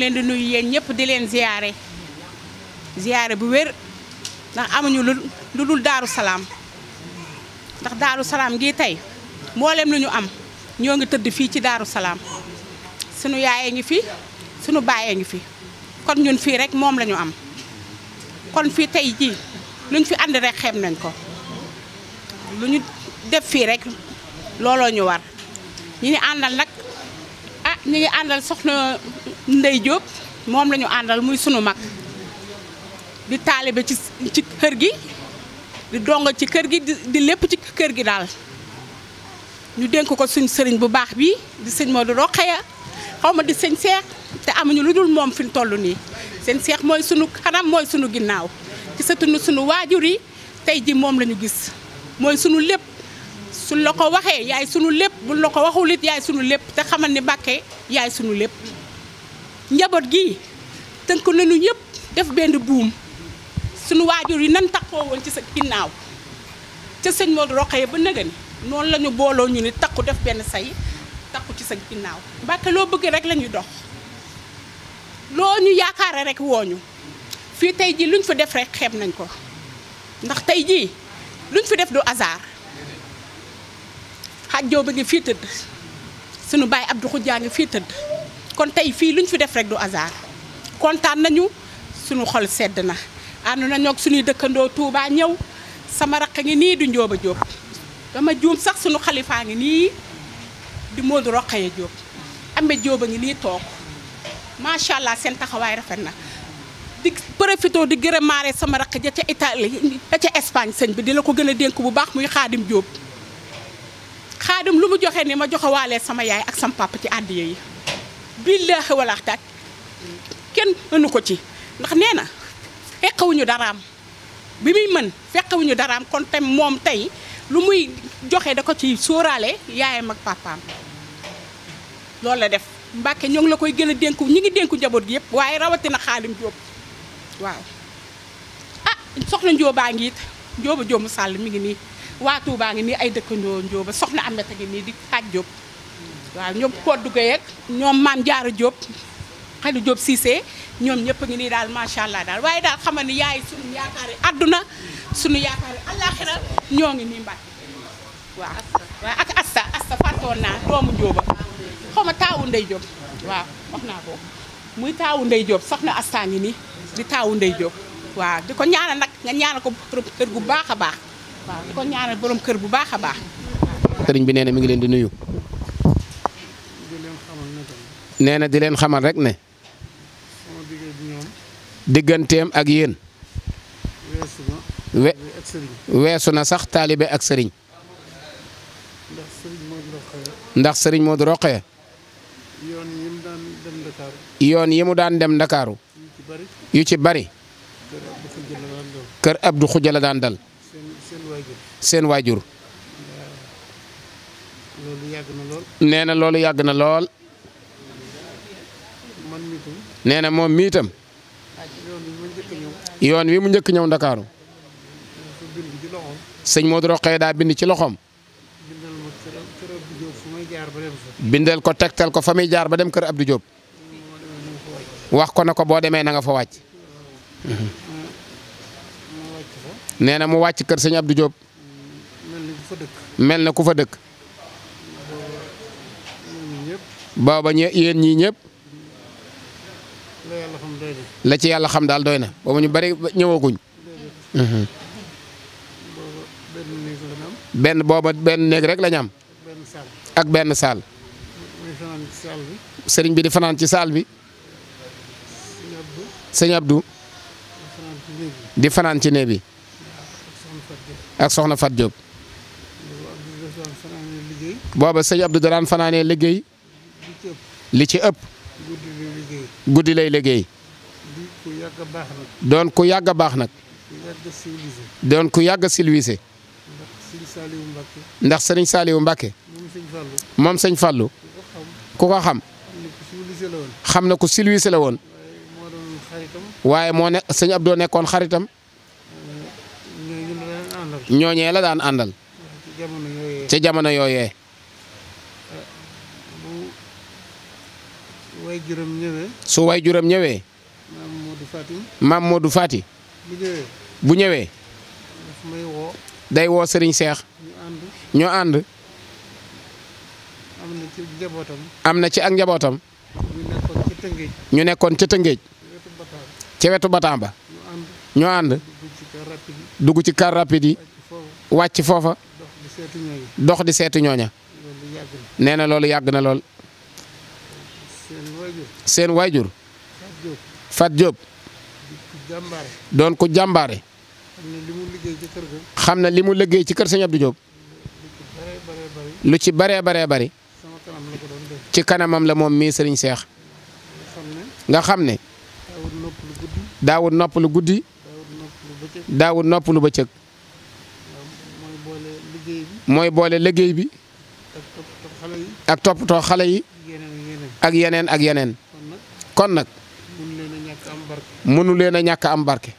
ngi leen di nuyu yéen ñëpp di leen ziyaare ziyaare bu wér ndax amuñu lu lu dul daaru salaam ndax daaru salaam gii tey mboolem lu ñu am ñoo ngi tëdd fii ci daaru salaam sunu yaayee ngi fi sunu baayee ngi fi kon ñun fii rek moom lañu am kon fii tey jii luñ fi ànd rek xem nañ ko lu ñu def fii rek looloo ñu war ñi ñu àndal nag ah ñi ngi àndal soxna Ndey Diop moom lañu àndal muy sunu mag di taalibe ci ci kër gi di dong ci kër gi di lépp ci kër gi daal ñu dénk ko suñ sëriñ bu baax bi di sëñ Modou Rokhaya xaw ma di sëñ Seex te amuñu lu dul moom fi ñu toll nii sëñ Seex mooy sunu kanam mooy sunu ginnaaw ci satunu suñu waajur yi tey ji moom lañu gis mooy sunu lépp suñ la ko waxee yaay sunu lépp buñ la ko waxul it yaay sunu lépp te xamal ni Mbàkke yaay sunu lépp njaboot gi tënk nañu ñëpp def benn buum suñu waajur yi nan takkoo woon ci sag ginnaaw ca sëñ Modou Rokhaya ba nëga ni lañu la ñu booloo ñu ni takku def benn say takku ci sa ginnaaw Mbàkke loo bëgg rek lañuy dox loo ñu yaakaare rek wooñu fii tey jii luñ fi def rek xeeb nañ ko ndax tey jii luñ fi def du hasard xajjoo ba ngi fii tëdd suñu bàyyi du Khoudia ngi fii tëdd kon tey fii lu ñu fi def rek du hasard kontaan nañu suñu xol sedd na ànd na ak suñuy dëkkandoo Touba ñëw sama raq ngi nii du Njóoba Jóob dama juum sax suñu xalifaa ngi nii di Modou Rokhaya Jóob ambe Jóoba ngi nii toog macha allah seen taxawaay rafet na di profité di gërëmaare sama raq ja ca Italie ja ca Espagne sëñ bi di la ko gën a dénk bu baax muy xaadim Jóob xaadim lu mu joxe ni ma joxewaalee sama yaay ak sama papa ci àddiya yi billaahi walaax taaj kenn ënnu ko ci ndax nee na fekkewuñu daraam bi muy mën fekkewuñu daraam kon tam moom tey lu muy joxe da ko ci sooraale yaayam ak papaam loolu la def Mbàkke ñoo ngi la koy gën a dénku ñi ngi dénku njaboot gi yëpp waaye rawatina xaalim jóob waaw ah soxna njóobaa ngi it njóoba jóomu sàll mi ngi nii waa Tuubaa ngi nii ay dëkkandoo njóoba soxna ameta ngi nii di xaaj jóob waaw ñoom Kodou Gueye ak ñoom maam Diarra Diop Khady Diop Cissé ñoom ñëpp ngi nii daal macha allah daal waaye daal xamal ni yaay suñu yaakaari àdduna suñu yaakaari àllaaxira ñoo ngi nii Mbacke waaw waaw Asta Asta fàttoon naa doomu Diop xaw taawu Ndey Diop waaw wax naa ko muy taawu Ndey Diop soxna Asta ngi nii di taawu Ndey Diop waaw di ko ñaanal nag nga ñaanal ko borom kër bu baax a baax waaw di ko ñaanal borom kër bu baax a baax. sëriñ bi nee mu ngi leen di nuyu. nee na di leen xamal rekk ne digganteem ak yéen we weesu na sax taalibe ak sëriñ ndax sëriñ Modou Rokhaya yoon yi mu daan dem ndakaaru yu ci bari kër Abdou Khoudia daan dal seen waajur nee na loolu yàgg na lool nee na moom mii yoon wi mu njëkk ñëw ndakaaru sëñ Modou Rokhaya daa bind ci loxoom bindal ko tegtal ko fa muy jaar ba dem kër Abdou Diop wax ko na ko boo demee nanga fa wàcc nee na mu wàcc kër sëñ Abdou mel na ku fa dëkk booba ñe yéen ñii ñëpp la ci yàlla xam daal doy na boobu ñu bari ñëwaguñ. Mhm. benn booba benn néeg rek la am. ak benn saal. sëriñ bi di fanaan ci saal bi. sëñ di fanaan ci néeg bi. ak soxna Fat Diop. booba sëñ Abdou daraan fanaanee liggéey. li ci ëpp. guddi lay liggéey. ku yàgg a doon ku yàgg a baax nag. doon ku yàgg a silwise. ndax sëriñ Saliou Mbacke. moom sëñ Fallou. ku ko xam. xam na ku silwise la woon. waaye moo ne sëñ Abdou nekkoon xaritam. ñooñee la daan àndal. ca jamono yooyee. su way juram ñëwee. maam Modou Fati. bu ñëwee. day woo Serigne Cheikh. ñu ànd. am na ci am na ci ak njabootam. ñu nekkoon ca Tëngéej. ca wetu ba ñu ànd. dugg ci car rapide yi. wàcc foofa. dox di seetu ñooña. nee na loolu yàgg na lool. seen waajur. Fat jóob doon ku jàmbaare xam na li mu liggéey ci kër sëñ Abdou Diop lu ci baree baree bari ci kanamam la moom mii sëriñ Seex nga xam ne daawul nopp lu guddi daawul nopp lu bëccëg mooy boole liggéey bi ak toppatoo xale yi ak yeneen ak yeneen kon nag mënu leen a ñàkk am barke.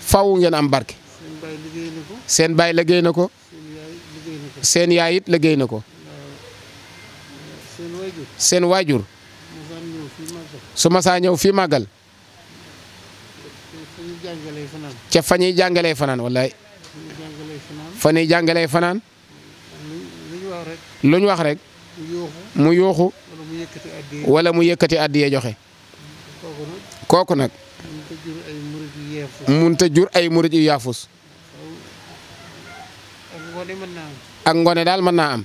faw ngeen am barke. seen baay liggéey na ko. seen yaay it liggéey na ko. seen waajur. su ma saa ñëw fii màggal. ca fa ñuy jàngalee fanaan wallaay. fa ñuy fanaan. lu wax rek. mu yooxu. wala mu yëkkati addiye joxe. kooku nag. mënut jur ay murid yu yaafus. ak ngone daal mën naa am.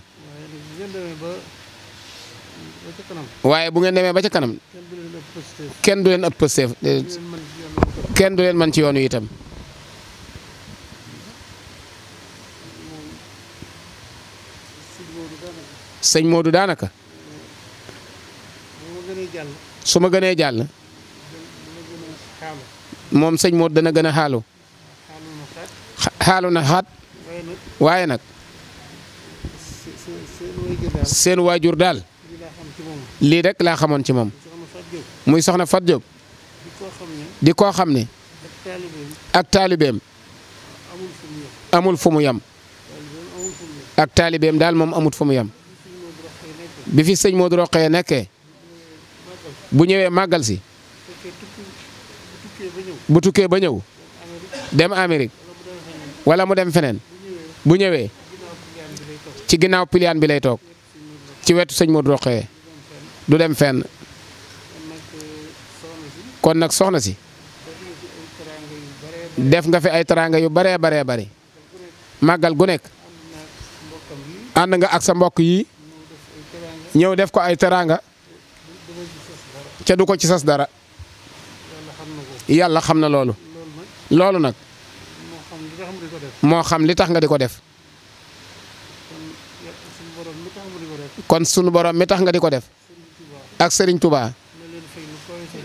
waaye bu ngeen demee ba ca kanam. kenn du leen pësteef kenn du leen man ci yoonu itam. sëñ moodu daanaka. su ma gënee jàll. moom sëñ Modou dana gën a xaalu xaalu na xaat waaye nag seen waajur daal lii rek laa xamoon ci moom muy soxna Fat Diop di koo xam ni ak taalibeem amul fu mu yem ak taalibeem daal moom amut fu mu yem bi fi sëñ Modou Rokhaya nekkee bu ñëwee màggal si bu tukkee ba ñëw dem Amérique walla mu dem feneen bu ñëwee ci ginnaaw piliyaan bi lay toog ci wetu sëñ Modou Rokhaya du dem fenn kon nag soxna si def nga fi ay teraanga yu baree baree bari màggal gu nekk ànd nga ak sa mbokk yi ñëw def ko ay teraanga ca du ko ci sas dara yàlla xam na loolu. loolu nag moo xam li tax nga di ko def. kon sunu borom mi tax nga di ko def. ak Serigne Touba.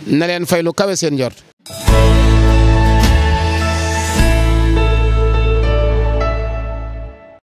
na leen fay lu kawe seen jort.